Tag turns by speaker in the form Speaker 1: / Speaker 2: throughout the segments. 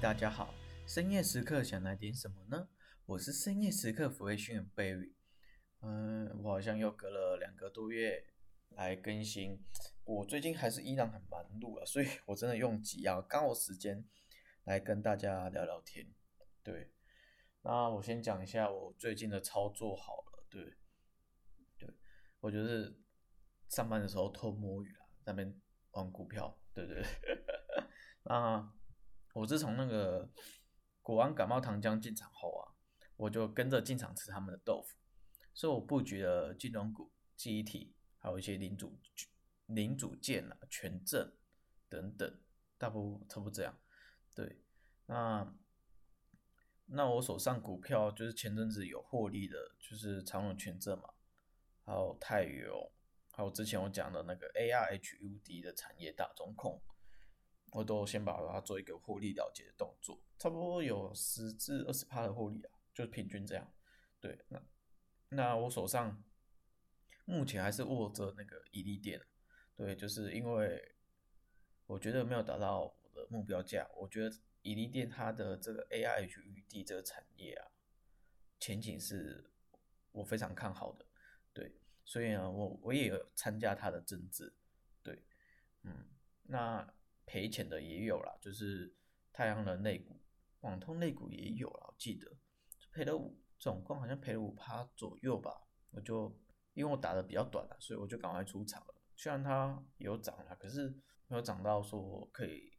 Speaker 1: 大家好，深夜時刻想來點什麼呢？我是深夜時刻福瑞遜 baby。嗯，我好像又隔了兩個多月來更新。我最近還是依然很忙碌啊，所以我真的用擠牙膏的時間來跟大家聊聊天。對，那我先講一下我最近的操作好了。對，對，我就是上班的時候偷摸魚啊，那邊玩股票，對不對，對？那、 呃。我自從那個國安感冒糖漿進場後啊，我就跟着進場吃他們的豆腐，所以我布局了金融股、記憶體，還有一些零組、零組件啊、權證等等，大部，差不多這樣。對，那那我手上股票就是前陣子有獲利的，就是長榮權證嘛，還有太油，還有之前我講的那個 A R H U D 的產業大中控。我都先把它做一個獲利了結的動作，差不多有十至二十趴的獲利啊，就平均這樣。對，那那我手上目前還是握着那個怡利電，對，就是因為我覺得沒有達到我的目標價，我覺得怡利電它的這個 A I H U D 這個產業啊，前景是我非常看好的，對，所以呢，我我也有參加它的增資，對，嗯，那。賠錢的也有啦，就是太陽能類股、網通類股也有啦。我記得賠了五，總共好像賠了五趴左右吧。我就因為我打的比較短了，所以我就趕快出場了。雖然它有漲了，可是沒有漲到說可以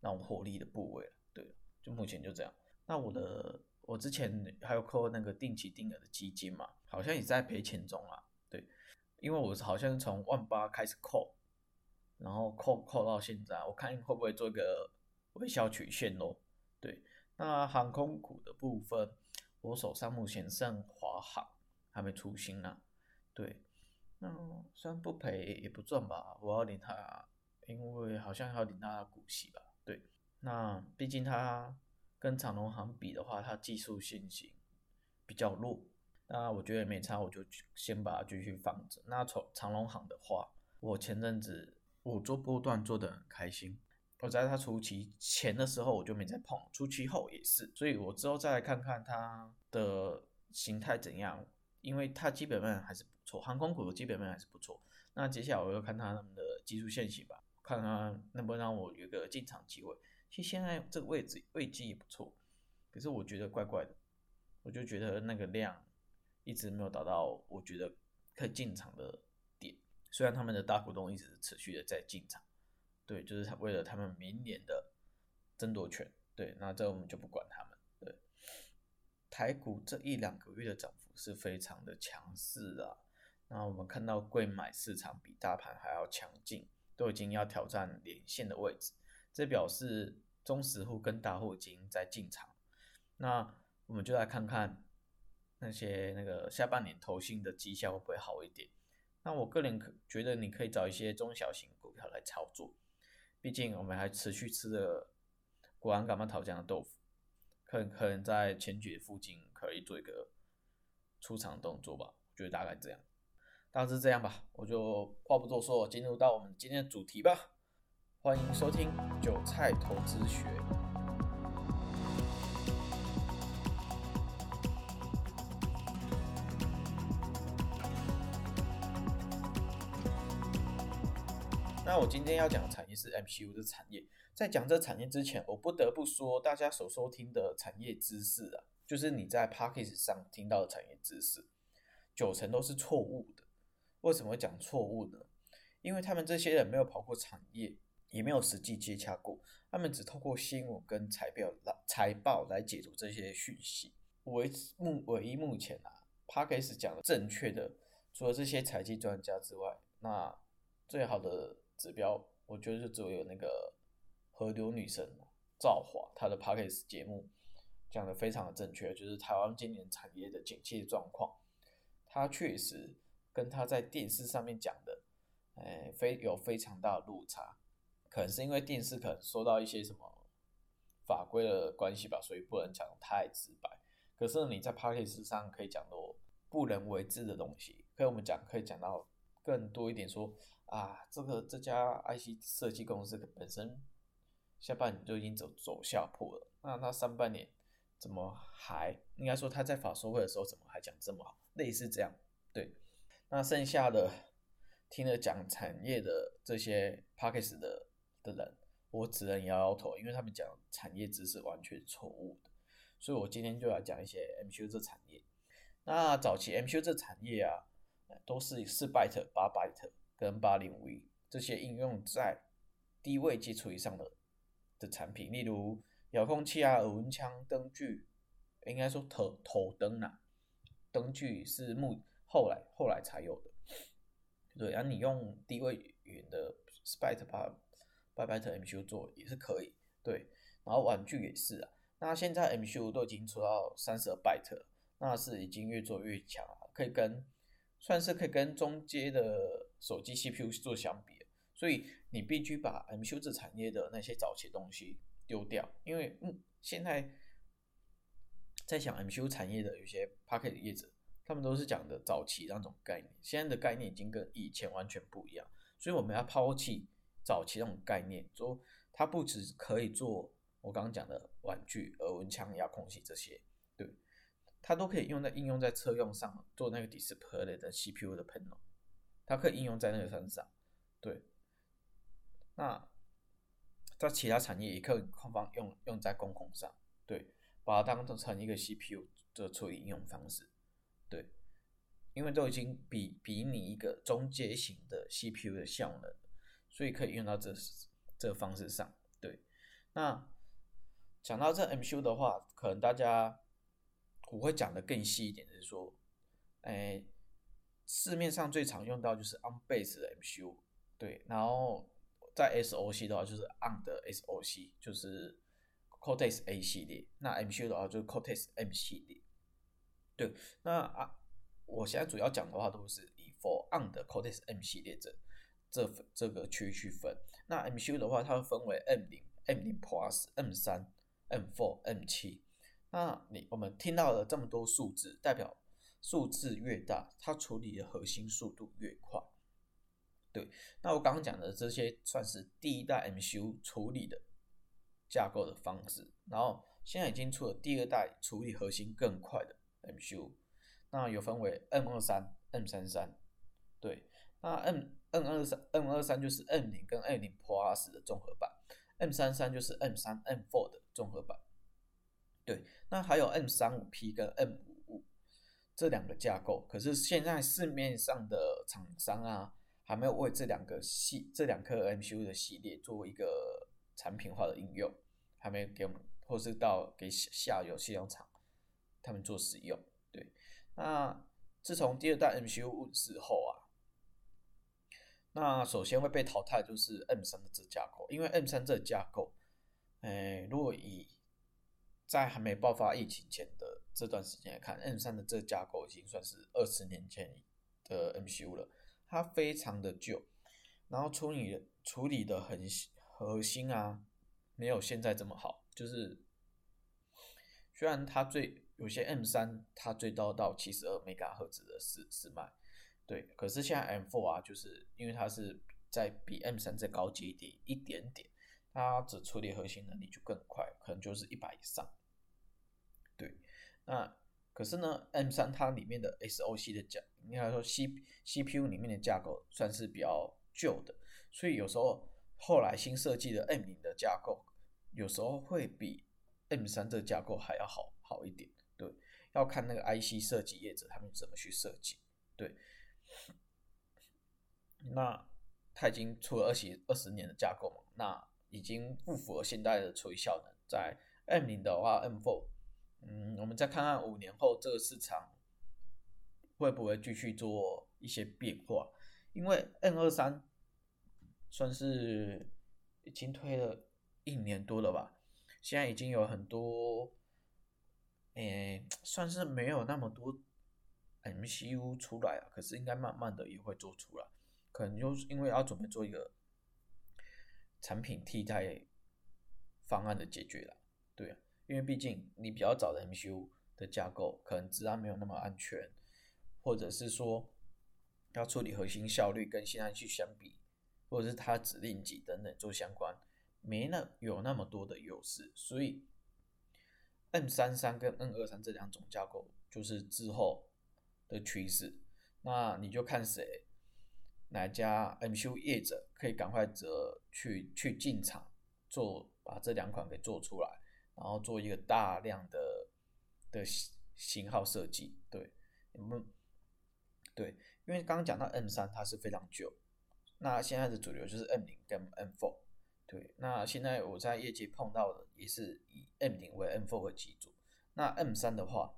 Speaker 1: 讓我獲利的部位了。對，就目前就這樣。那我的我之前還有扣那個定期定額的基金嘛，好像也在賠錢中啊。對，因為我是好像從萬八開始扣。然後扣扣到現在，我看會不會做一個微笑曲線哦。對，那航空股的部分，我手上目前剩華航，還沒出新呢、啊。對，那雖然不賠也不賺吧，我要領它，因為好像要領他的股息吧？對，那畢竟它跟長榮航比的話，它技術先行比較弱，那我覺得也沒差，我就先把它繼續放着。那從長榮航的話，我前陣子。我做波段做得很開心，我在它除息前的時候我就沒再碰，除息後也是，所以我之後再來看看它的形態怎樣，因為它基本面還是不錯，航空股基本面還是不錯。那接下來我就看它的技術線型吧，看他能不能讓我有個進場機會。其實現在這個位置位置也不錯，可是我覺得怪怪的，我就覺得那個量一直沒有達到，我覺得可以進場的。雖然他們的大股東一直是持續的在進場，對，就是他為了他們明年的爭奪權，對，那這我們就不管他們。對，台股這一兩個月的漲幅是非常的強勢啊，那我們看到櫃買市場比大盤還要強勁，都已經要挑戰連線的位置，這表示中實戶跟大戶已經在進場。那我們就來看看那些那個下半年投信的績效會不會好一點。那我個人可覺得你可以找一些中小型股票來操作，畢竟我們還持續吃了果安感冒桃醬的豆腐，可能可能在前幾附近可以做一個出場動作吧，我覺得大概這樣，大致這樣吧，我就話不多說，進入到我們今天的主題吧，歡迎收聽韭菜投資學。那我今天要講的產業是 MCU 的產業。在講這產業之前，我不得不說，大家所收聽的產業知識啊，就是你在 Podcast 上聽到的產業知識，九成都是錯誤的。為什麼講錯誤呢？因為他們這些人沒有跑過產業，也沒有實際接洽過，他們只透過新聞跟財票來財報來解讀這些訊息。唯目唯一目前啊，Podcast 講的正確的，除了這些財經專家之外，那最好的。指標，我覺得就只有那個河流女神趙華，她的 Podcast 節目講的非常的正確，就是台灣今年產業的景氣狀況，她確實跟她在電視上面講的，哎、欸，非有非常大的落差，可能是因為電視可能受到一些什麼法規的關係吧，所以不能講得太直白。可是你在 Podcast 上可以講到不人為之的東西，可以我們講可以講到。更多一點說啊，這個這家 IC 設計公司本身下半年就已經走走下坡了，那他上半年怎麼還應該說他在法說會的時候怎麼還講這麼好？類似這樣對。那剩下的聽了講產業的這些 Podcast 的的人，我只能搖搖頭，因為他們講產業知識完全錯誤的。所以我今天就來講一些 MCU 這產業。那早期 MCU 這產業啊。都是四 byte、八 byte 跟八零五一這些應用在低位基礎以上的的產品，例如遙控器啊、耳溫槍、燈具，應該說頭頭燈啊，燈具是木後來後來才有的。對，然後啊你用低位雲的四 byte 八八 byte MCU 做也是可以。對，然後玩具也是啊。那現在 MCU 都已經出到三十二 byte，那是已經越做越強了，可以跟。算是可以跟中階的手機 CPU 做相比，所以你必須把 MCU 這產業的那些早期的東西丟掉，因為嗯，現在在想 MCU 產業的有些 pocket 的業者，他們都是講的早期那種概念，現在的概念已經跟以前完全不一樣，所以我們要拋棄早期那種概念，說它不只可以做我剛剛講的玩具、耳溫槍、遙控器這些。它都可以用在應用在車用上做那個 display 的 CPU 的 panel，它可以應用在那個身上，對。那在其他產業也可以用用在工控上，對，把它當成一個 CPU 的處理應用方式，對。因為都已經比比擬一個中介型的 CPU 的效能，所以可以用到這這個方式上，對。那講到這 MCU 的話，可能大家。我會講的更細一點，就是說，哎、欸，市面上最常用到就是 ARM base 的 MCU，對，然後在 SOC 的話就是 ARM 的 SOC，就是 Cortex A 系列，那 MCU 的話就是 Cortex M 系列，對，那啊，我現在主要講的話都是以 for ARM 的 Cortex M 系列這這這個區區分。那 MCU 的話，它會分為 M 零、M 零 Plus、M 三、M 四、M 七。那你我們聽到了這麼多數字，代表數字越大，它處理的核心速度越快。對，那我剛剛講的這些算是第一代 MCU 處理的架構的方式，然後現在已經出了第二代處理核心更快的 MCU，那有分為 M 二三、M 三三。對，那 M M 二三、M 二三就是 M 零跟 M 零 Plus 的綜合版，M 三三就是 M 三、M four 的綜合版。對，那還有 M 三五 P 跟 M 五五這兩個架構，可是現在市面上的廠商啊，還沒有為這兩個系這兩顆 MCU 的系列做一個產品化的應用，還沒有給我們，或是到給下游系統廠他們做使用。對，那自從第二代 MCU 之後啊，那首先會被淘汰就是 M 三的這架構，因為 M 三這架構，哎、呃，如果以在還沒爆發疫情前的這段時間來看，M 三的這架構已經算是二十年前的 M C U 了，它非常的舊，然後處理處理的很核心啊，沒有現在這麼好。就是雖然它最有些 M 三它最高到七十二兆赫茲的時脈，對，可是現在 M four 啊，就是因為它是在比 M 三再高級一點一點點，它只處理核心能力就更快，可能就是一百以上。那可是呢，M 三它裡面的 SOC 的架應該來說，C CPU 裡面的架構算是比較舊的，所以有時候後來新設計的 M 零的架構，有時候會比 M 三這個架構還要好好一點。對，要看那個 IC 設計業者他們怎麼去設計。對，那他已經出了二十二十年的架構嘛，那已經不符合現代的處理效能。在 M 零的話，M four。M4。嗯，我們再看看五年後這個市場會不會繼續做一些變化。因為 M23 算是已經推了一年多了吧，現在已經有很多，哎，欸，算是沒有那麼多 MCU 出來啊，可是應該慢慢的也會做出來，可能就是因為要準備做一個產品替代方案的解決了，對啊。因為畢竟你比較早的 MCU 的架構，可能自然沒有那麼安全，或者是說要處理核心效率跟現在去相比，或者是它指令集等等做相關，沒那有那麼多的優勢，所以 M33 跟 M23 這兩種架構就是之後的趨勢。那你就看誰哪家 MCU 業者可以趕快着去去進場做，把這兩款給做出來。然後做一個大量的的型號設計，對，M，對，因為剛剛講到 M3，它是非常舊，那現在的主流就是 M0 跟 M4，對，那現在我在業界碰到的也是以 M0 為 M4 的基組，那 M3 的話，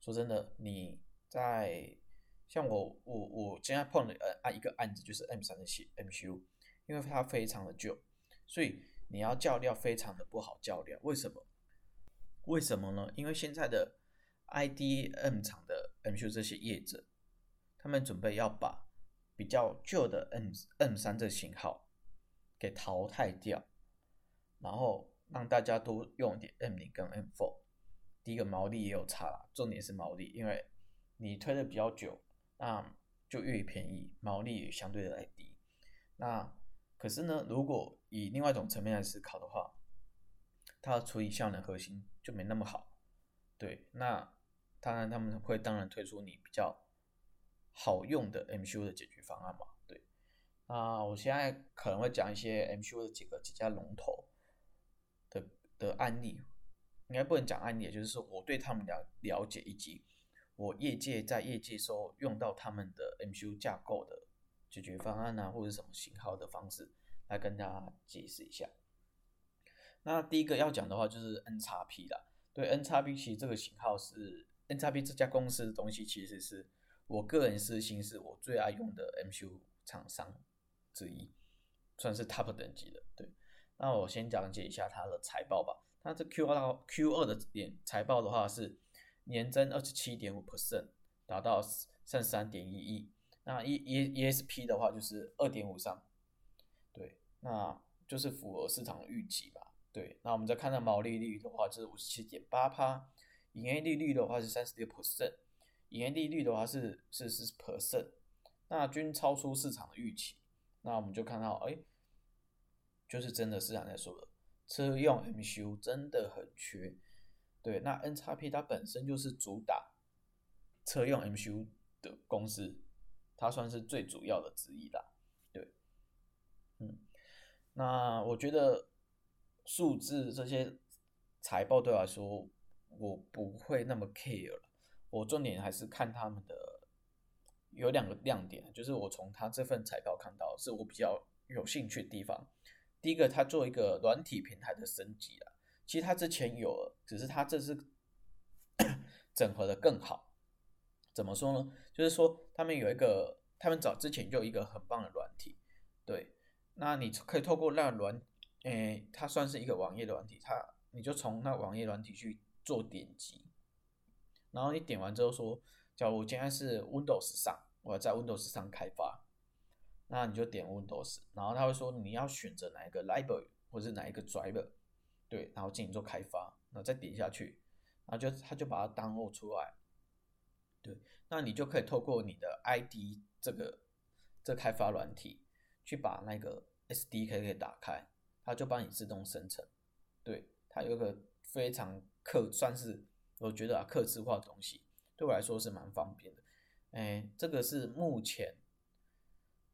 Speaker 1: 說真的，你在像我我我現在碰了呃一個案子，就是 M3 的系 MCU 因為它非常的舊，所以。你要較量非常的不好較量，為什麼？為什麼呢？因為現在的 IDM 廠的 MCU 這些業者，他們準備要把比較舊的 M M3 這型號給淘汰掉，然後讓大家都用點 M 零跟 M4，第一個毛利也有差了，重點是毛利，因為你推的比較久，那就越便宜，毛利也相對的來低。那可是呢，如果以另外一種層面來思考的話，它處理效能核心就沒那麼好。對，那當然他們會當然推出你比較好用的 MCU 的解決方案嘛。對，那我現在可能會講一些 MCU 的幾個幾家龍頭的的案例，應該不能講案例，就是我對他們的了解以及我業界在業界時候用到他們的 MCU 架構的解決方案啊，或者什麼型號的方式。來跟大家解釋一下。那第一個要講的話就是 NXP 啦。對，NXP 其實這個型號是 NXP 這家公司的東西，其實是我個人私心是我最愛用的 MCU 廠商之一，算是 top 等級的。對，那我先講解一下它的財報吧。它這 Q 二 Q 二的點財報的話是年增二十七點五 percent，達到三十三點一億。那 E E E S P 的話就是二點五三。那就是符合市場預期吧，對。那我們再看到毛利率的話，是五十七點八趴，營業利率的話是三十六 percent，營業利率的話是四十 percent，那均超出市場的預期。那我們就看到，哎、欸，就是真的市場在說了，車用 MCU 真的很缺，對。那 NXP 它本身就是主打車用 MCU 的公司，它算是最主要的之一啦，對，嗯。那我覺得數字這些財報對我來說，我不會那麼 care 了。我重點還是看他們的有兩個亮點，就是我從他這份財報看到是我比較有興趣的地方。第一個，他做一個軟體平台的升級，其實他之前有，只是他這次整合的更好。怎麼說呢？就是說他們有一個，他們早之前就有一個很棒的軟體，對。那你可以透過那軟，誒，它算是一個網頁的軟體，它你就從那個網頁軟體去做點擊，然後你點完之後說，假如現在是 Windows 上，我要在 Windows 上開發，那你就點 Windows，然後他會說你要選擇哪一個 library 或者是哪一個 driver，對，然後進行做開發，那再點下去，然後就他就把它 download 出來，對，那你就可以透過你的 ID 這個這開發軟體去把那個。SDK 可以打開，它就幫你自動生成。對，它有一個非常客算是，我覺得啊，客制化的東西，對我來說是蠻方便的。哎、欸，這個是目前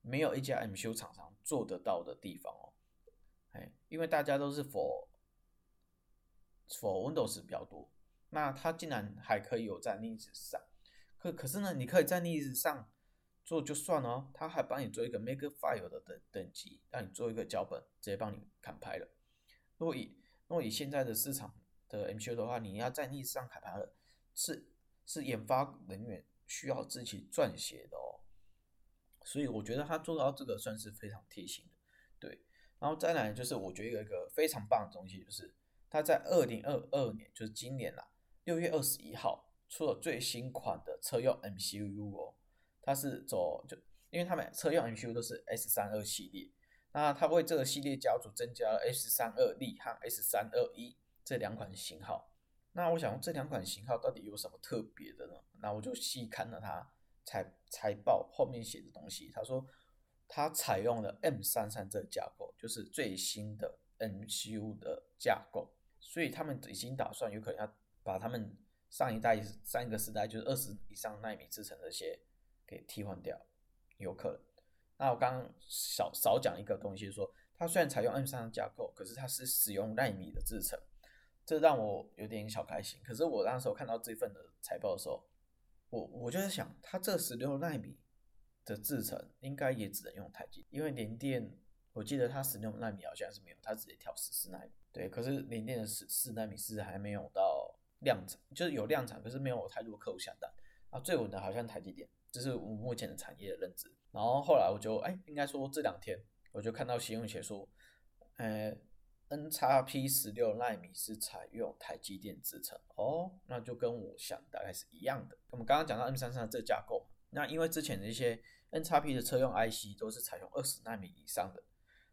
Speaker 1: 沒有一家 MCU 廠商做得到的地方哦。哎、欸，因為大家都是 for，for Windows 比較多，那它竟然還可以有在 Linux 上。可可是呢，你可以在 Linux 上。做就算了、哦，他還幫你做一個 Makefile 的等等級，讓你做一個腳本，直接幫你砍牌了。如果以如果以現在的市場的 MCU 的話，你要在逆史上砍牌了，是是研發人員需要自己撰寫的哦。所以我覺得他做到這個算是非常貼心的，對。然後再來就是我覺得有一,一個非常棒的東西，就是他在二零二二年，就是今年啦、啊，六月二十一號出了最新款的車用 MCU 哦。它是走就，因為他們車用 MCU 都是 S 三二系列，那它為這個系列家族增加了 S 三二 D 和 S 三二 E 這兩款型號。那我想這兩款型號到底有什麼特別的呢？那我就細看了它財財報後面寫的東西，他說它採用了 M 三三這個架構，就是最新的 MCU 的架構，所以他們已經打算有可能要把他們上一代上一個時代就是二十以上納米制成的這些。給替換掉，有可能。那我剛剛少少講一個東西說，說它雖然採用 M 三的架構，可是它是使用奈米的製程，這讓我有點小開心。可是我那時候看到這份的財報的時候，我我就在想，它這十六奈米的制程應該也只能用台積，因為聯電，我記得它十六奈米好像是沒有，它直接跳十四奈米。對，可是聯電的十四奈米是還沒有到量產，就是有量產，可是沒有我太多客戶下單啊。最穩的，好像台積電。就是我們目前的產業的認知，然後後來我就哎、欸，應該說這兩天我就看到新聞寫說，呃，N 叉 P 十六納米是採用台積電製成，哦，那就跟我想大概是一樣的。我們剛剛講到 m 三三這個架構，那因為之前的一些 N 叉 P 的車用 IC 都是採用二十納米以上的，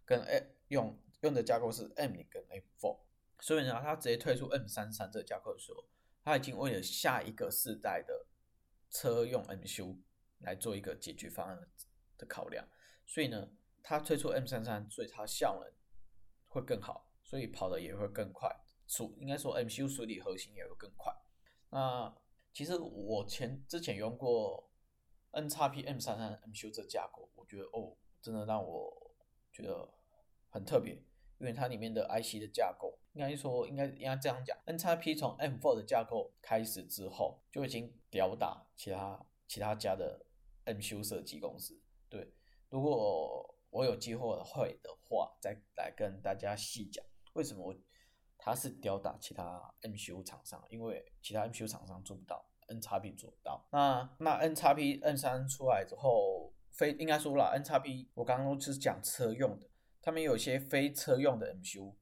Speaker 1: 跟 A, 用用的架構是 M 0跟 M4 所以呢，它直接推出 m 三三這個架構，的時候，它已經為了下一個世代的車用 MCU。來做一個解決方案的考量，所以呢，它推出 M33，所以它效能會更好，所以跑得也會更快。數應該說 MCU 處理核心也會更快。那其實我前之前用過 NXP M33 MCU 這架構，我覺得哦，真的讓我覺得很特別，因為它裡面的 IC 的架構，應該說應該應該這樣講，NXP 從 M four 的架構開始之後，就已經屌打其他其他家的。MCU 設計公司，對，如果我有機會會的話，再來跟大家細講為什麼我它是吊打其他 MCU 廠商，因為其他 MCU 廠商做不到，NXP 做不到。那那 NXP M 三出來之後，非，應該說了，NXP 我剛剛是講車用的，他們有些非車用的 MCU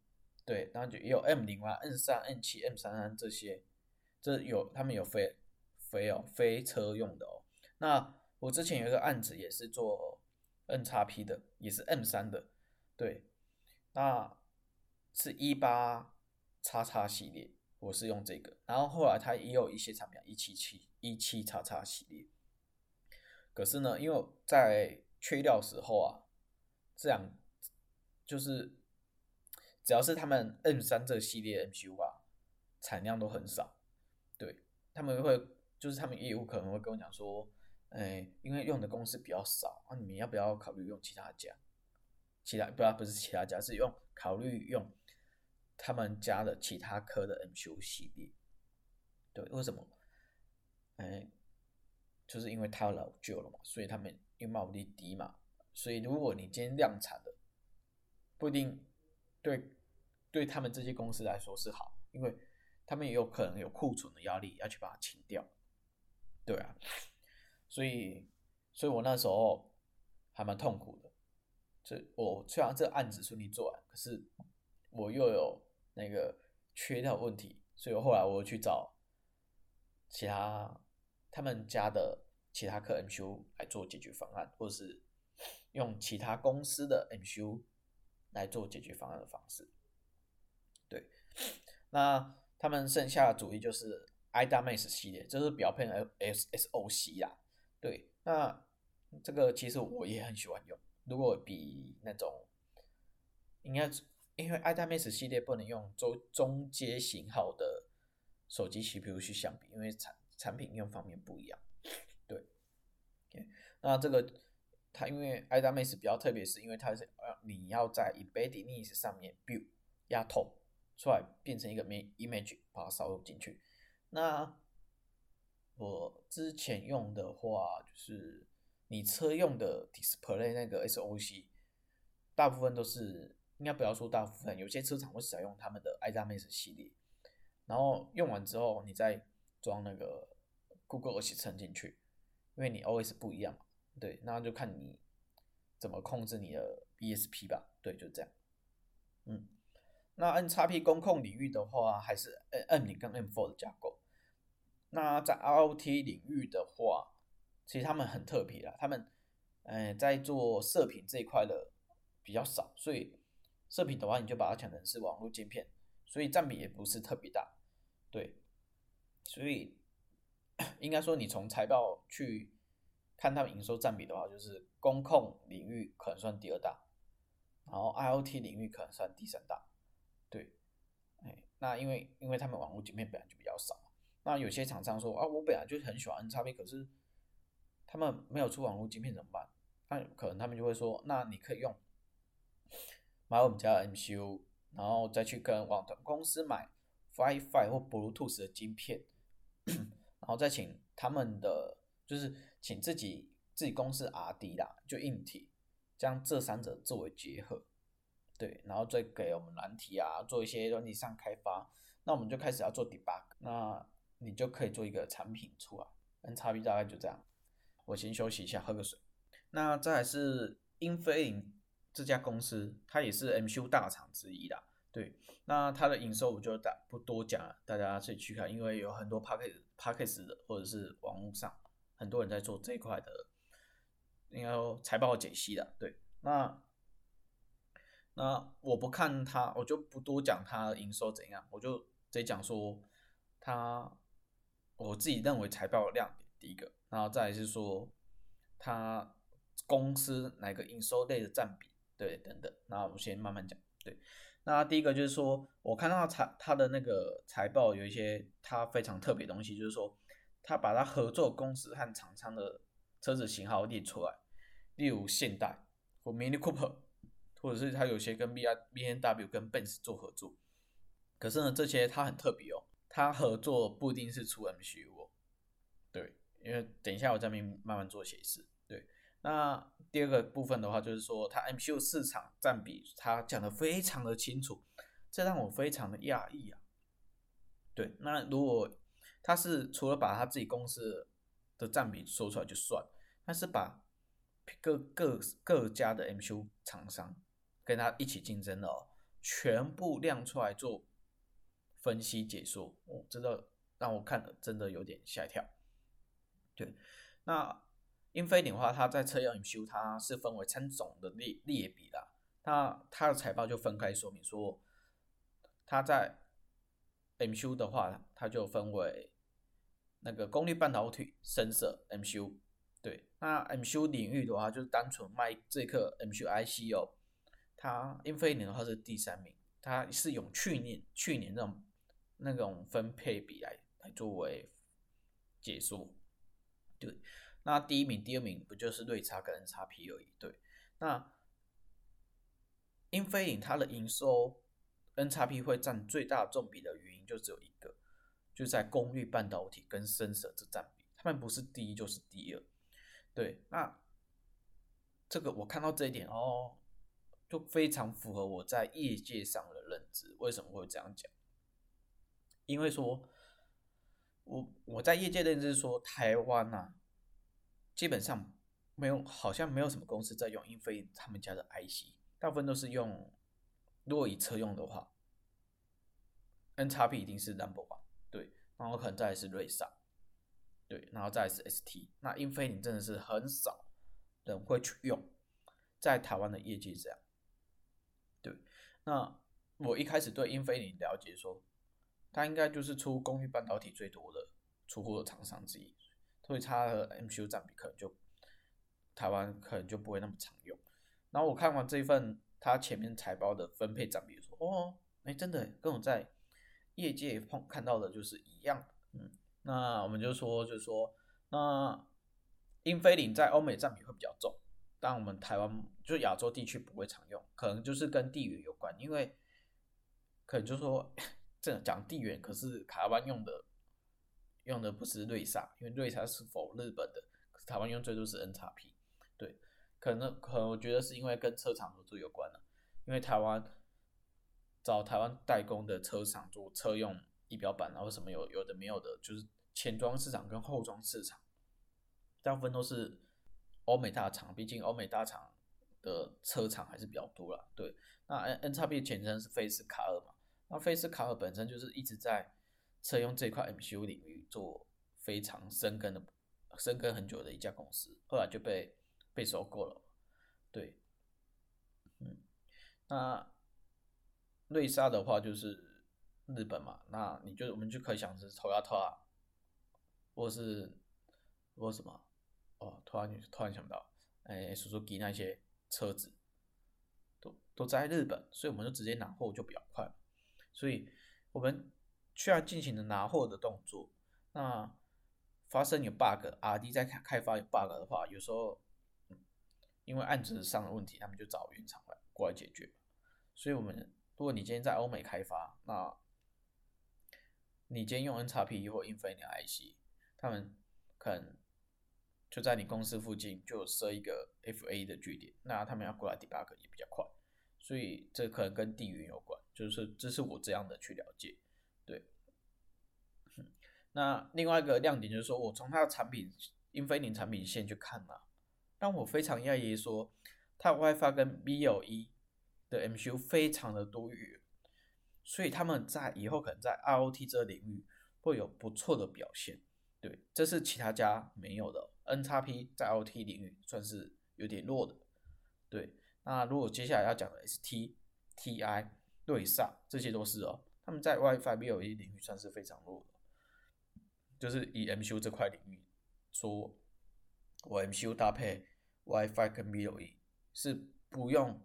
Speaker 1: 對，對，然就也有 M 零啊、M 三、M 七、M 三三這些，這有他們有非非哦，非車用的哦，那。我之前有一個案子也是做 N 叉 P 的，也是 M 三的，對，那是一八叉叉系列，我是用這個，然後後來他也有一些產品一七七一七叉叉系列，可是呢，因為在缺料時候啊，這樣就是只要是他們 M 三這系列 m p U 啊，產量都很少，對，他們會就是他們業務可能會跟我講說。哎、欸，因為用的公司比較少，那你們要不要考慮用其他家？其他不，、啊，要，不是其他家，是用考慮用他們家的其他科的 MCU 系列。對，為什麼？哎、欸，就是因為它老舊了嘛，所以他們因為毛利低嘛，所以如果你今天量產的，不一定對，對他們這些公司來說是好，因為他們也有可能有庫存的壓力要去把它清掉。對啊。所以，所以我那時候還蠻痛苦的。這我雖然這個案子順利做完，可是我又有那個缺掉問題，所以我後來我又去找其他他們家的其他顆 MCU 來做解決方案，或者是用其他公司的 MCU 來做解決方案的方式。對，那他們剩下的主力就是 i.MX 系列，就是表配 F S S O C 啦。對，那這個其實我也很喜歡用。如果比那種應，應該是因為 iWMS 系列不能用中中階型號的手機 CPU 去相比，因為產產品應用方面不一樣。對，okay, 那這個它因為 iWMS 比較特別是因為它是呃你要在 embeddedness 上面 build 壓頭出來變成一個 im image 把它燒入進去，那。我之前用的話，就是你車用的 display 那個 SOC 大部分都是，應該不要說大部分，有些車廠會使用他們的 iZamis 系列，然後用完之後你再裝那個 Google OS 插進去，因為你 OS 不一樣嘛，對，那就看你怎麼控制你的 BSP 吧，對，就這樣。嗯，那 NXP 工控領域的話，還是 M0 跟 M4 的架構。那在 IoT 領域的話，其實他們很特別啦。他們，哎，在做射頻這一塊的比較少，所以射頻的話，你就把它講成是網絡晶片，所以占比也不是特別大。對，所以應該說，你從財報去看到營收占比的話，就是工控領域可能算第二大，然後 IoT 領域可能算第三大。對，哎，那因為因為他們網絡晶片本來就比較少。那有些廠商說啊，我本來就很喜歡 NXP 可是他們沒有出網絡晶片怎麼辦？那可能他們就會說，那你可以用買我們家的 MCU，然後再去跟網通公司買 WiFi 或 Bluetooth 的晶片， 然後再請他們的就是請自己自己公司 RD 啦，就硬體將這三者作為結合，對，然後再給我們軟體啊做一些軟體上開發，那我們就開始要做 debug 那。你就可以做一個產品出來，NXP 大概就這樣。我先休息一下，喝個水。那再來是英飛凌這家公司，它也是 MCU 大廠之一啦。對，那它的營收我就大不多講了，大家自己去看，因為有很多 podcast podcast 的，或者是網絡上很多人在做這一塊的，應該說財報解析的。對，那那我不看它，我就不多講它營收怎樣，我就直接講說它。我自己認為財報的亮點，第一個，然後再來是說，它公司哪個營收類的占比，對，等等。那我先慢慢講。對，那第一個就是說，我看到財，它的那個財報有一些它非常特別的東西，就是說，它把它合作公司和廠商的車子型號列出來，例如現代或 Mini Cooper，或者是它有些跟 BMW 跟 Benz 做合作，可是呢，這些它很特別哦。他合作不一定是出 MCU 對，因為等一下我在那邊慢慢做解釋。對，那第二個部分的話，就是說他 MCU 市場占比，他講得非常的清楚，這讓我非常的訝異啊。對，那如果他是除了把他自己公司的占比說出來就算，他是把各各各家的 MCU 廠商跟他一起競爭的哦，全部亮出來做。分析解說，哦、嗯，真的讓我看了，真的有點嚇一跳。對,那英飛凌的話，他在車用 MCU 它是分為三種的列列比的，那它的財報就分開說明說，它在 MCU 的話，它就分為那個功率半導體、深色 MCU。對，那 MCU 領域的話，就是單純賣這顆 MCU IC 哦，它英飛凌的話是第三名，它是用去年去年那種。那種分配比來來作為結束，對，那第一名、第二名不就是瑞薩跟 NXP 而已？對，那英飛凌它的營收 NXP 會占最大重比的原因就只有一個，就在功率半導體跟 Sensor 這占比，他們不是第一就是第二。對，那這個我看到這一點哦，就非常符合我在業界上的認知。為什麼會這樣講？因為說，我我在業界認知說，台灣吶、啊，基本上沒有，好像沒有什麼公司在用英飛他們家的 IC，大部分都是用，如果以車用的話，NXP 一定是 number one，對，然後可能再來是瑞薩，對，然後再來是 ST，那英飛凌真的是很少人會去用，在台灣的業界這樣，對，那我一開始對英飛凌了解說。它應該就是出功率半導體最多的出貨的廠商之一，所以它的 MCU 佔比可能就台灣可能就不會那麼常用。然後我看完這一份它前面財報的分配佔比時，說哦，哎、欸，真的跟我在業界碰看到的就是一樣。嗯，那我們就說，就說那英飛凌在歐美佔比會比較重，但我們台灣就是亞洲地區不會常用，可能就是跟地域有關，因為可能就說。這的講地緣，可是台灣用的用的不是瑞薩，因為瑞薩是否日本的，可是台灣用最多是 NXP，對，可能可能我覺得是因為跟車廠合作有關了，因為台灣找台灣代工的車廠做車用儀表板然後什麼有有的沒有的，就是前裝市場跟後裝市場，大部分都是歐美大廠，畢竟歐美大廠的車廠還是比較多了，對，那 NXP 的前身是飛思卡爾嘛。那飛思卡爾本身就是一直在車用這塊 MCU 領域做非常深耕的，深耕很久的一家公司，後來就被被收購了。對，嗯，那瑞薩的話就是日本嘛，那你就我們就可以想是 Toyota 啊，或是或什麼，哦，突然就突然想到，哎、欸、Subaru 那些車子都都在日本，所以我們就直接拿貨就比較快。所以，我們需要進行的拿貨的動作。那發生有 bug，RD 在開開發有 bug 的話，有時候，嗯，因為案子上的問題，他們就找原廠來過來解決。所以，我們如果你今天在歐美開發，那，你今天用 NXP 或 Infineon IC，他們可能就在你公司附近就設一個 FA 的據點，那他們要過來 debug 也比較快。所以，這可能跟地緣有關。就是這是我這樣的去了解，對。那另外一個亮點就是說，我從它的產品英飛凌產品線去看了，啊，但我非常訝異，說它 WiFi 跟 BLE 的 MCU 非常的多元，所以他們在以後可能在 IoT 這個領域會有不錯的表現。對，這是其他家沒有的。NXP 在 IoT 領域算是有點弱的。對，那如果接下來要講的 ST、TI。以上，這些都是哦，他們在 WiFi、BLE 領域算是非常弱的，就是以 MCU 這塊領域說，我 MCU 搭配 WiFi 跟 BLE 是不用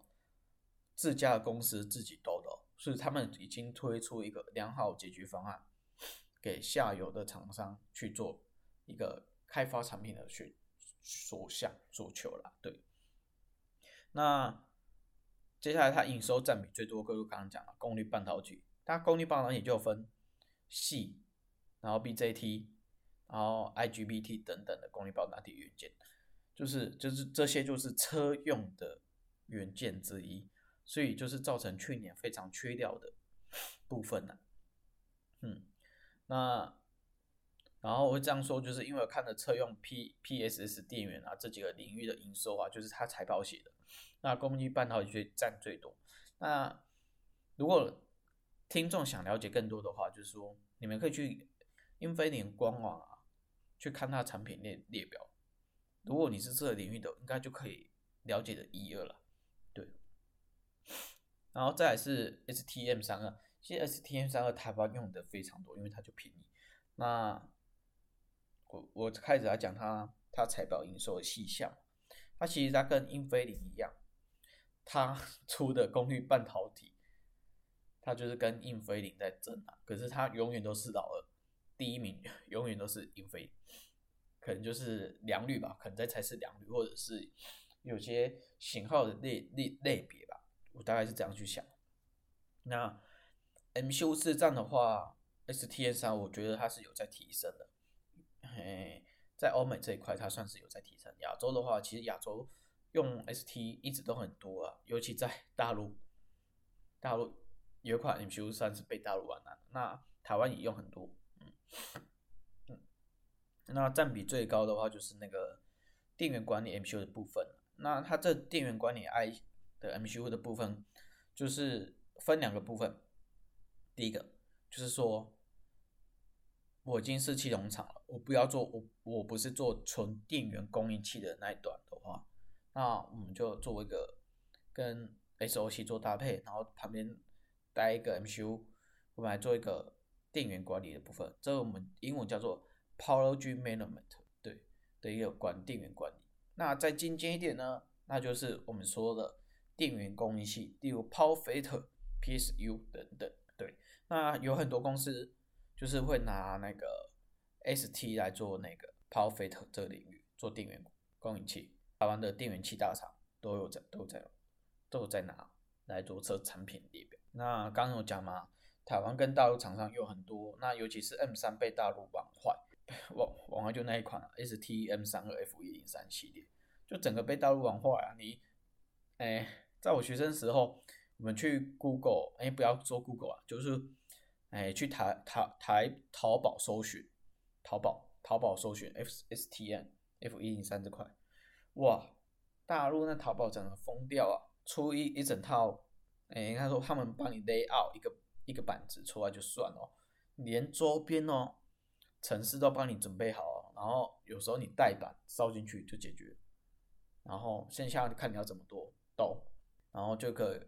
Speaker 1: 自家的公司自己兜的，是他們已經推出一個良好解決方案，給下游的廠商去做一個開發產品的去所向所求了。對，那。接下來，它營收佔比最多，各位剛剛講了功率半導體。它功率半導體就分，C，然後 BJT，然後 IGBT 等等的功率半導體元件，就是就是這些就是車用的元件之一，所以就是造成去年非常缺掉的部分吶、啊。嗯，那然後我會這樣說，就是因為我看了車用 PPSS 電源啊這幾個領域的營收啊，就是他財報寫的。那工具半導體占最多。那如果聽眾想了解更多的話，就是說你們可以去英飛凌官網啊，去看它產品列列表。如果你是這個領域的，應該就可以了解的一二了。對，然後再來是 STM 三二，其實 STM 三二台灣用的非常多，因為它就便宜。那我我開始來講它它財報營收的細項。它其實它跟英飛凌一樣，它出的功率半導體，它就是跟英飛凌在爭啊。可是它永遠都是老二，第一名永遠都是英飛凌，可能就是良率吧，可能這才是良率，或者是有些型號的類類類別吧。我大概是這樣去想。那 M 修飾站的話 s t s 三，STS3，我覺得它是有在提升的。嘿。在歐美這一塊，它算是有在提升，亞洲的話，其實亞洲用 ST 一直都很多啊，尤其在大陸，大陸有一款 MCU 算是被大陸玩爛了，那台灣也用很多，嗯嗯。那佔比最高的話，就是那個電源管理 MCU 的部分。那它這電源管理 I 的 MCU 的部分，就是分兩個部分。第一個就是說。我已經是系統廠了，我不要做我我不是做純電源供應器的那一段的話，那我們就做一個跟 SOC 做搭配，然後旁邊帶一個 MCU，我們來做一個電源管理的部分，這個我們英文叫做 Power Management，對，的一個管電源管理。那再進階一點呢，那就是我們說的電源供應器，例如 Power Filter、PSU 等等，對，那有很多公司。就是會拿那個 S T 來做那個 Power Fit 這個領域，做電源供應器，台灣的電源器大廠都有在都有在都有在拿來做這產品列表。那剛才有講嘛，台灣跟大陸廠商有很多，那尤其是 M 三被大陸玩壞，玩玩壞就那一款，啊、STM32 F 一零三系列，就整個被大陸玩壞啊！你哎，欸，在我學生時候，我們去 Google，哎，欸，不要說 Google 啊，就是。哎，去台台台淘寶搜尋，淘寶淘寶搜尋 STM32F103 這塊，哇，大陸那淘寶整的瘋掉啊，出一一整套，哎，應該說他們幫你 lay out 一個一個板子出來就算了，連周邊哦，城市都幫你準備好啊，然後有時候你帶板燒進去就解決，然後線下看你要怎麼做到，然後就可以，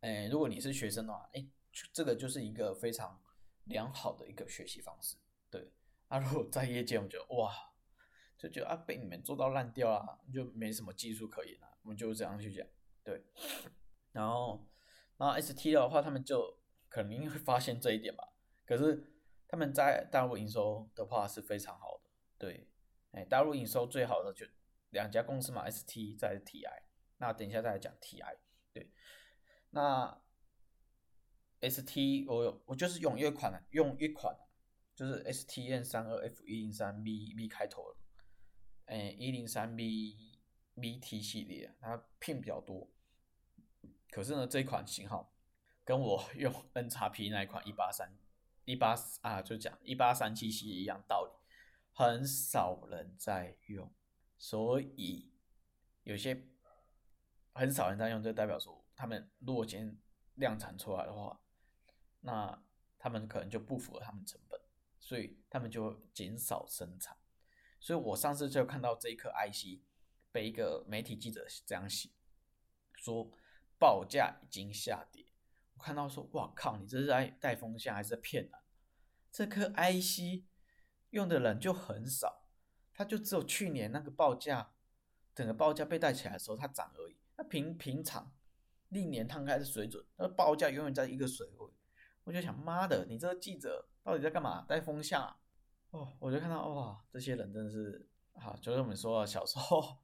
Speaker 1: 哎，如果你是學生的話，哎。這個就是一個非常良好的一個學習方式，對。那如果在業界我們就，我覺得哇，就覺得啊，被你們做到爛掉了啊，就沒什麼技術可言啦，啊，我們就這樣去講，對。然後，然後 ST 的話，他們就可能會發現這一點吧。可是他們在大陸營收的話是非常好的，對。哎，大陸營收最好的就兩家公司嘛，ST 在 TI。那等一下再來講 TI，對。那。S T 我有我就是用一款、啊，用一款、啊，就是 S T N 三二 F 一零三 B B 開頭，哎、欸、一零三 B B T 系列，它片比較多。可是呢，這一款型號跟我用 N 叉 P 那一款一八三一八啊，就講一八三七七一樣道理，很少人在用，所以有些很少人在用，這代表說他們如果先量產出來的話。那他們可能就不符合他們成本，所以他們就減少生產。所以我上次就看到這一顆 IC 被一個媒體記者這樣寫，說報價已經下跌。我看到說，哇靠，你這是在帶風向還是在騙人？這顆 IC 用的人就很少，它就只有去年那個報價，整個報價被帶起來的時候它漲而已。那平平常歷年攤開的水準，那報價永遠在一個水位。我就想，媽的，你這個記者到底在幹嘛？帶風向啊！哦，我就看到哇、哦，這些人真的是啊，就是我們說小時候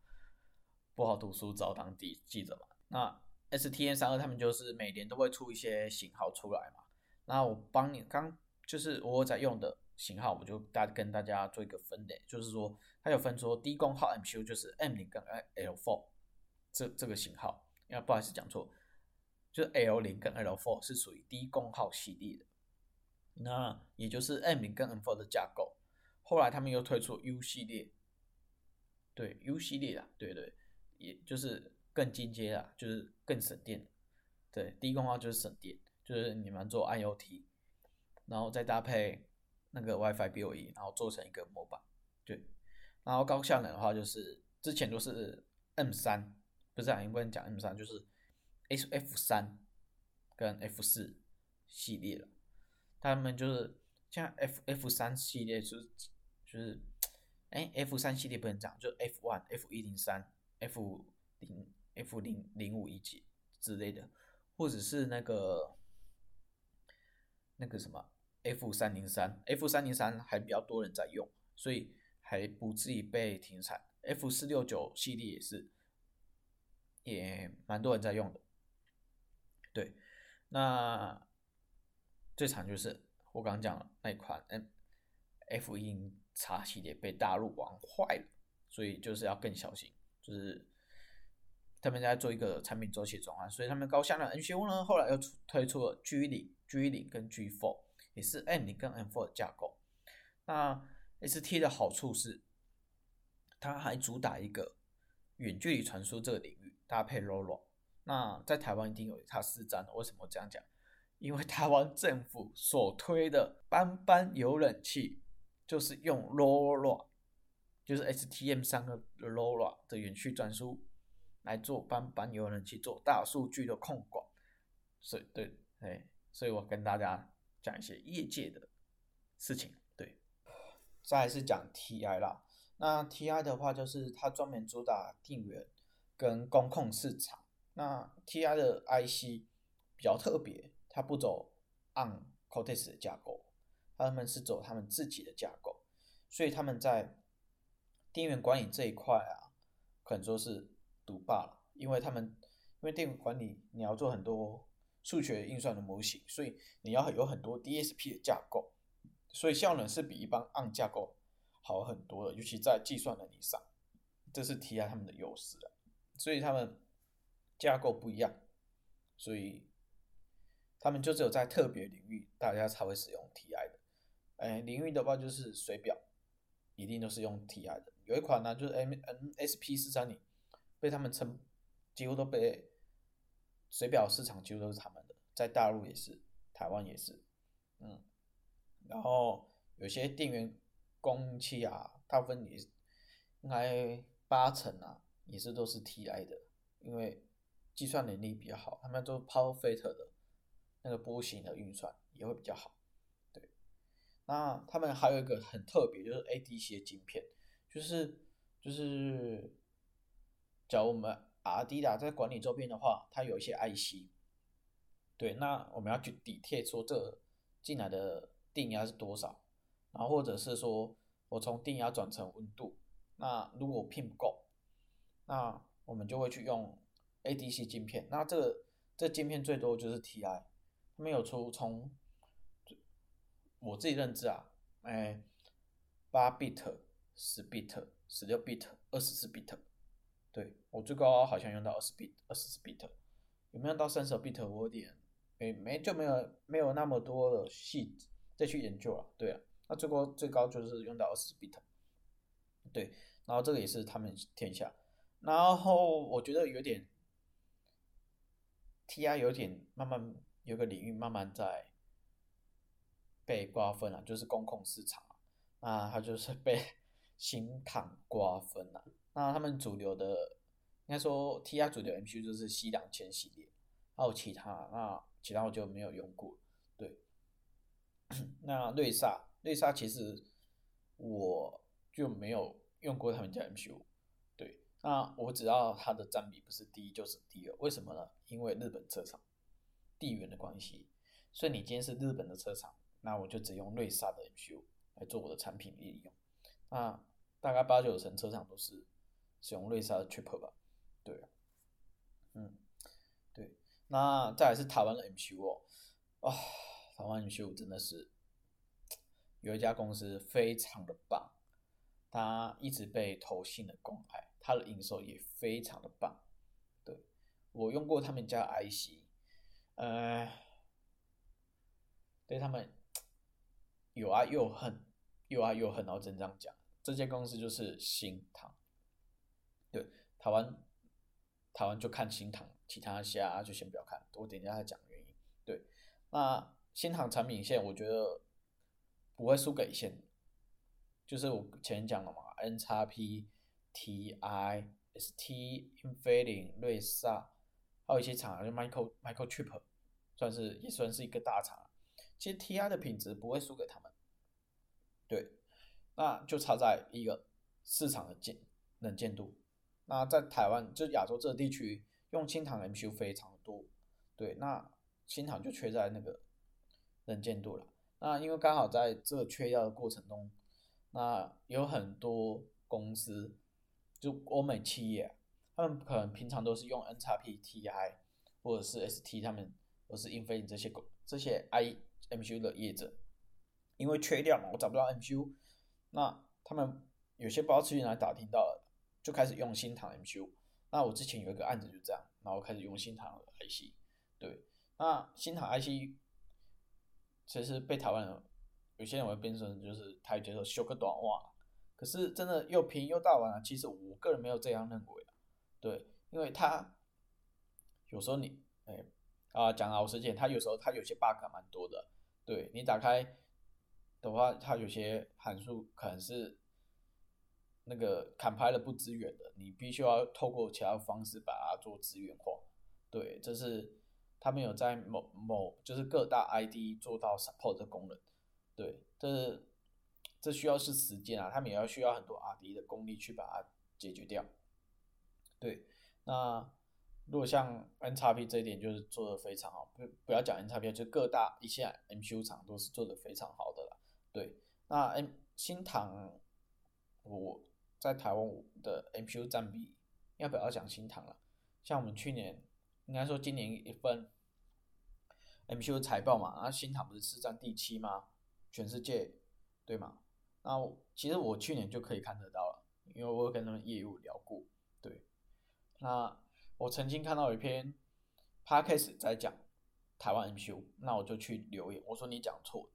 Speaker 1: 不好讀書，只好當記者嘛。那 STM32 他們就是每年都會出一些型號出來嘛。那我幫你剛就是我在用的型號，我就大跟大家做一個分類，就是說它有分說低功耗 MCU，就是 M 零跟 L four 這這個型號，因為不好意思講錯。就 L0 是 L 零跟 L four 是屬於低功耗系列的，那也就是 M 零跟 M four 的架構。後來他們又推出 U 系列，對 U 系列啊，對對，也就是更進階啊，就是更省電。對，低功耗就是省電，就是你們做 IoT，然後再搭配那個 WiFi B O E，然後做成一個模板。對，然後高效能的話就是之前都是 M 三，不是啊，因為講 M 三就是。F 三跟 F 四系列了，他們就是像 F F 三系列就是，就是哎 F 三系列不能講，就 F one F 一零三 F 零 F 零零五一幾之類的，或者是那個那個什麼 F 三零三 F 三零三還比較多人在用，所以還不至於被停產。F 四六九系列也是，也蠻多人在用的。對，那最慘就是我剛剛講了那款，嗯，F10x 系列被大陸玩壞了，所以就是要更小心。就是他們在做一個產品周期的轉換，所以他們高銷量 MCU 呢，後來又推出了 G 0 G 零跟 G four，也是 M0 跟 M4 的架構。那 ST 的好處是，它還主打一個遠距離傳輸這個領域，搭配 LoRa 那在台灣一定有它施展，為什麼這樣講？因為台灣政府所推的班班有冷氣就是用 LORA，就是 STM32 的 LORA 的遠距傳輸來做班班有冷氣，做大數據的控管。所以對，哎，所以我跟大家講一些業界的事情。對，再來是講 TI 啦。那 TI 的話，就是它專門主打電源跟工控市場。那 T I 的 I C 比較特別，它不走 ARM Cortex 的架構，他們是走他們自己的架構，所以他們在電源管理這一塊啊，可能說是獨霸了，因為他們因為電源管理你要做很多數學運算的模型，所以你要有很多 D S P 的架構，所以效能是比一般 ARM 架構好很多的，尤其在計算能力上，這是 T I 他們的優勢了，所以他們。架構不一樣，所以他們就只有在特別領域，大家才會使用 TI 的。哎、欸，領域的話就是水表，一定都是用 TI 的。有一款呢、啊，就是 MSP430，被他們稱幾乎都被水表市場幾乎都是他們的，在大陸也是，台灣也是，嗯，然後有些電源供應器啊，大部分也應該八成啊，也是都是 TI 的，因為。計算能力比較好，他們做拋非特的，那個波形的運算也會比較好。對，那他們還有一個很特別，就是 ADC 的晶片，就是就是，假如我們 RD 在管理周邊的話，它有一些 IC。對，那我們要去底貼說這進來的電壓是多少，然後或者是說我從電壓轉成溫度，那如果拼不夠，那我們就會去用。ADC 晶片，那這個這個、晶片最多就是 TI，沒有出從我自己認知啊，哎、欸，八 bit、十 bit、十六 bit、二十四 bit，對，我最高好像用到二十 bit、二十四 bit，有沒有到三十 bit？我有點沒沒、欸、就沒有沒有那麼多的細節再去研究了、啊。對啊，那最高最高就是用到二十四 bit，對，然後這個也是他們天下，然後我覺得有點。T.I. 有點慢慢有個領域慢慢在被瓜分了，就是工控市場，啊，他就是被新唐瓜分了。那他們主流的，應該說 T.I. 主流 MCU 就是 C 兩千系列，還有其他，那其他我就沒有用過。對， 那瑞薩，瑞薩其實我就沒有用過他們家 MCU。那我只要它的占比不是第一就是第二，為什麼呢？因為日本車廠地緣的關係，所以你今天是日本的車廠，那我就只用瑞薩的 MCU 來做我的產品利用。那大概八九成車廠都是使用瑞薩的 Triple 吧？對，嗯，對。那再來是台灣的 MCU 哦，啊、哦，台灣 MCU 真的是有一家公司非常的棒，它一直被投信的公開。他的營收也非常的棒，對，我用過他們家 IC，呃，對他們有愛、啊、又恨，又愛、啊、又恨，然後真這樣講，這間公司就是新唐，對，台灣台灣就看新唐，其他家就先不要看，我等一下再講原因。對，那新唐產品線我覺得不會輸給一線，就是我前面講了嘛，N 叉 P。NXP T I，S T Infineon，瑞薩，還有一些廠、啊，就 Micro Microchip，算是也算是一個大廠、啊。其實 T I 的品質不會輸給他們，對，那就差在一個市場的見能見度。那在台灣，就亞洲這個地區，用新唐 MCU 非常多，對，那新唐就缺在那個能見度了。那因為剛好在這個缺料的過程中，那有很多公司。就歐美企業，他們可能平常都是用 NXP TI 或者是 S T，他們都是英飛凌這些狗這些 MCU 的業者，因為缺料嘛，我找不到 MCU，那他們有些不知道去哪裡打聽到了，就開始用新唐 MCU。那我之前有一個案子就這樣，然後開始用新唐 I C。對，那新唐 I C 其實被台灣人，有些人會變成就是太覺得修個短襪。可是真的又平又大碗啊！其實我個人沒有這樣認為，對，因為他有時候你哎、欸、啊講老實點，他有時候他有些 bug 蠻多的，對，你打開的話，它有些函數可能是那個砍牌的不支援的，你必須要透過其他方式把它做支援化。對，這、就是他們有在某某就是各大 ID 做到 support 的功能，對，這、就是這需要是時間啊，他們也要需要很多 RD 的功力去把它解決掉。對，那如果像 NXP 這一點就是做得非常好，不不要講 NXP，就各大一線 MCU 廠都是做得非常好的了。對，那 M 新唐，我在台灣的 MCU 佔比，要不要講新唐了？像我們去年，應該說今年一份 MCU 財報嘛，那新唐不是市佔第七嗎？全世界，對嗎？那我其實我去年就可以看得到了，因為我有跟他們業務聊過。對，那我曾經看到一篇 Podcast 在講台灣 MCU 那我就去留言，我說你講錯，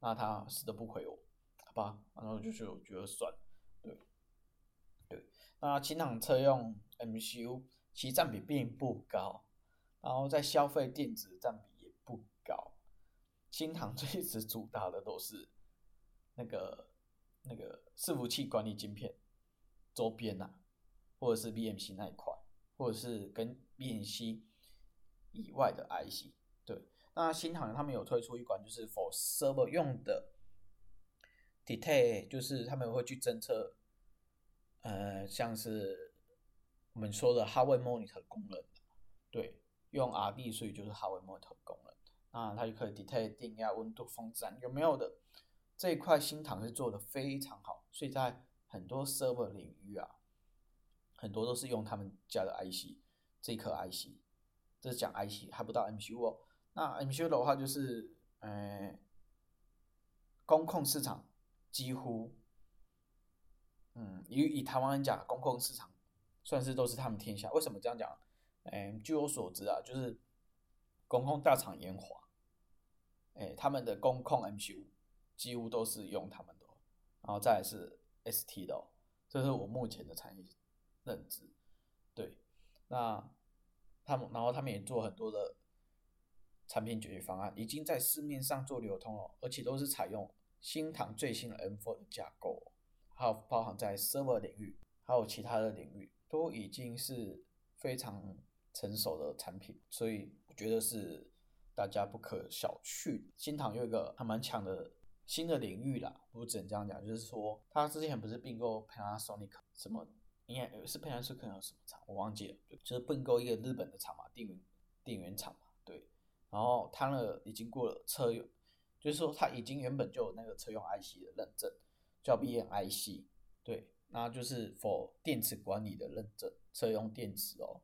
Speaker 1: 那他死都不回我，好吧？然後我就覺得算對，對。那新唐車用 MCU 其實占比並不高，然後在消費電子占比也不高，新唐這一次主打的都是那個。那個伺服器管理晶片周邊呐、啊，或者是 BMC 那一塊，或者是跟 BMC 以外的 IC。對，那新唐他們有推出一款就是 for server 用的 detect 就是他們會去偵測，呃，像是我們說的 hardware monitor 功能。對，用 RD 所以就是 hardware monitor 功能。那它就可以 detect 電壓、溫度、風扇有沒有的。這一塊新唐是做得非常好，所以在很多 server 領域啊，很多都是用他們家的 IC 這一顆 IC，這是講 IC 還不到 MCU 哦。那 MCU 的話就是，呃，工控市場幾乎，嗯，以以台灣人講，工控市場算是都是他們天下。為什麼這樣講？嗯、呃、據我所知啊，就是工控大廠研華，哎、呃，他們的工控 MCU。幾乎都是用他們的，然後再來是 ST 的，這是我目前的產業認知。對，那他們，然後他們也做很多的產品解決方案，已經在市面上做流通了，而且都是採用新唐最新的 M Four 架構，還有包含在 Server 領域，還有其他的領域，都已經是非常成熟的產品，所以我覺得是大家不可小覷。新唐有一個還蠻強的。新的領域啦，不止這樣講，就是說，他之前不是併購 Panasonic 什麼？應該是 Panasonic 有什麼廠？我忘記了，對，就是併購一個日本的廠嘛，電源電源廠嘛，對。然後他了已經過了車用，就是說他已經原本就有那個車用 IC 的認證，叫 BMIC 對，那就是否電池管理的認證，車用電池哦、喔。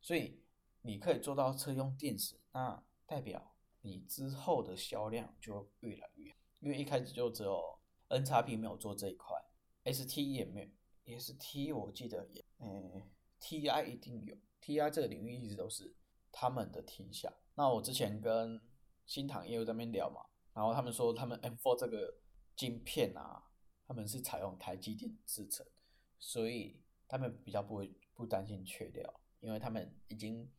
Speaker 1: 所以你可以做到車用電池，那代表你之後的銷量就越來越好。因為一開始就只有 NXP 沒有做這一塊，ST 也沒有，ST 我記得也，嗯、欸，TI 一定有，TI 這個領域一直都是他們的天下。那我之前跟新唐也有在那邊聊嘛，然後他們說他們 M4 這個晶片啊，他們是採用台積電制成，所以他們比較不會不擔心缺料，因為他們已經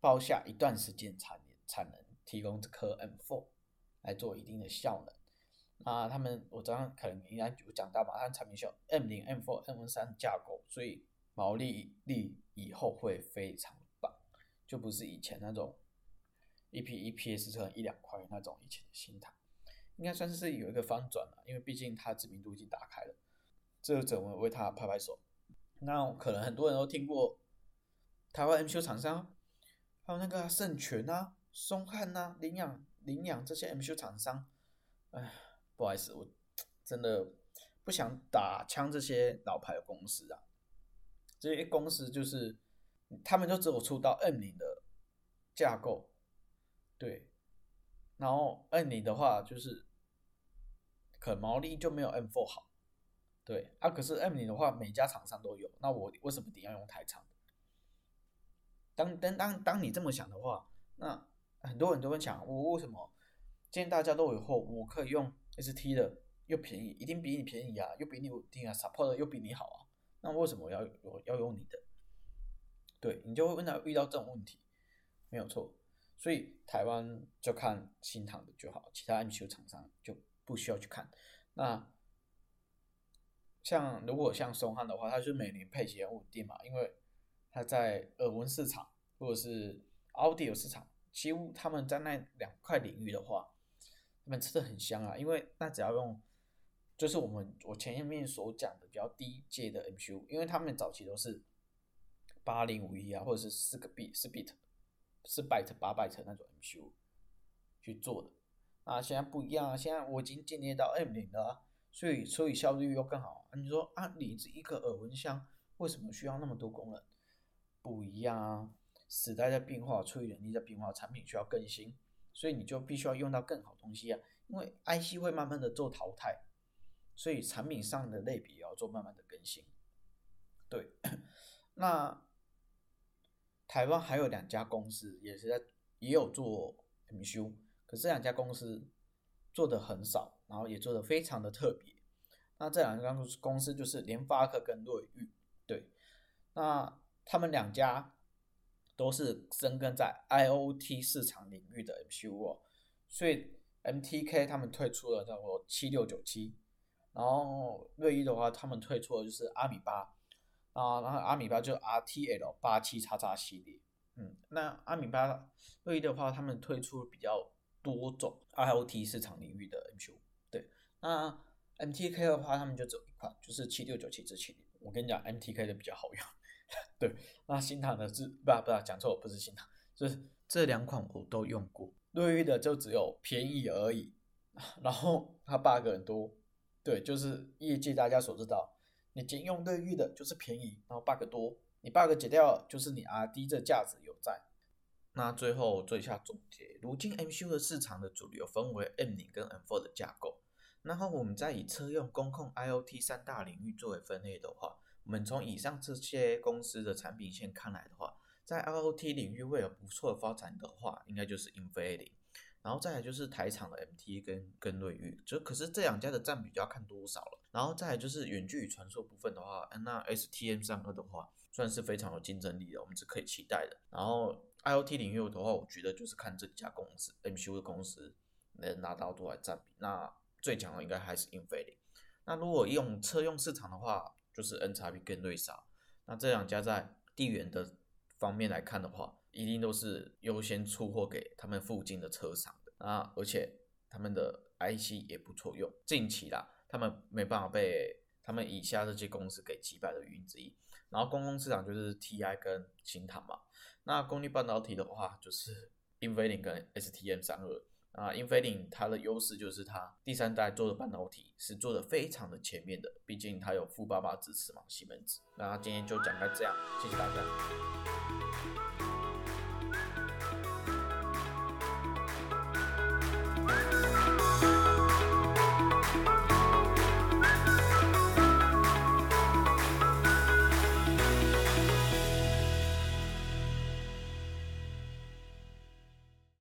Speaker 1: 包下一段時間產產能提供這顆 M4。來做一定的效能啊，他們我早上可能應該有講到吧，它的產品是 M 零 M four M 三架構，所以毛利率以後會非常棒，就不是以前那種一 P 1P, 一批 S 車，一兩塊那種以前的心態，應該算是有一個翻轉了，因為畢竟它知名度已經打開了，這只能為它拍拍手。那可能很多人都聽過台灣 MCU 廠商，還有那個盛群啊、松翰啊、凌陽。領養這些 MCU 廠商，哎，不好意思，我真的不想打槍這些老牌的公司啊。這些公司就是，他們就只有出到 M0 的架構，對。然後 M0 的話就是，可毛利就沒有 M4 好。對，啊，可是 M 0的話，每家廠商都有。那我為什麼一定要用台廠？當當當，當你這麼想的話，那。很多很多人講，我為什麼？既然大家都有貨，我可以用 ST 的又便宜，一定比你便宜啊，又比你穩定啊，support 的又比你好啊，那為什麼我要我要用你的？對，你就會問他遇到這種問題，沒有錯。所以台灣就看新唐的就好，其他 MCU 廠商就不需要去看。那像如果像松翰的話，它是每年配齊很穩定嘛，因為它在耳溫市場或者是 audio 市場。其實他們在那兩塊領域的話，他們吃的很香啊，因為那只要用，就是我們我前面所講的比較低階的 MCU，因為他們早期都是八零五一啊，或者是四個 bit、四 bit、四 byte、八 byte 那種 MCU 去做的，啊，現在不一樣啊，現在我已經進階到 M 0了，所以所以效率又更好，你說啊，你這一個耳溫槍，為什麼需要那麼多功能？不一樣啊。時代在變化，出於人力在變化，產品需要更新，所以你就必須要用到更好東西啊。因為 IC 會慢慢的做淘汰，所以產品上的類別也要做慢慢的更新。對，那台灣還有兩家公司也是在也有做 MCU，可是這兩家公司做的很少，然後也做的非常的特別。那這兩家公司就是聯發科跟瑞昱。對，那他們兩家。都是深耕在 IOT 市場領域的 MPU 哦，所以 MTK 他們推出了叫做七六九七，然後瑞昱的話，他們推出的就是阿米巴。啊，然後阿米巴就 RTL 八七叉叉系列，嗯，那阿米巴，瑞昱的話，他們推出比較多種 IOT 市場領域的 MPU。對，那 MTK 的話，他們就只有一款，就是七六九七這系列，我跟你講，MTK 的比較好用。對，那新唐的是不不講錯，不是芯，就是這兩款我都用過，對於的就只有便宜而已，然後它 bug 很多。對，就是業績大家所知道，你僅用對於的就是便宜，然後 bug 多，你 bug 解掉就是你 RD 這價值有在。那最後做一下總結，如今 MCU 的市場的主流分為 M 零跟 M four 的架構，然後我們再以車用、工控、IOT 三大領域作為分類的話。我們從以上這些公司的產品線看來的話，在 I O T 領域會有不錯的發展的話，應該就是 Infineon，然後再來就是台廠的 M T 跟跟瑞昱，就可是這兩家的佔比就要看多少了。然後再來就是遠距與傳輸部分的話，那 S T M 32的話算是非常有競爭力的，我們是可以期待的。然後 I O T 領域的話，我覺得就是看這家公司 M C U 的公司能拿到多少佔比，那最強的應該還是 Infineon，那如果用車用市場的話，就是 NXP 跟瑞薩，那這兩家在地緣的方面來看的話，一定都是優先出貨給他們附近的車廠的啊，而且他們的 IC 也不錯用。近期啦，他們沒辦法被他們以下這些公司給擊敗的原因之一。然後公共市場就是 TI 跟新唐嘛，那功率半導體的話就是 Infineon 跟 STM32。啊，英飛凌它的優勢就是它第三代做的半導體是做的非常的前面的，畢竟它有富爸爸支持嘛，西門子。那今天就講到這樣，謝謝大家。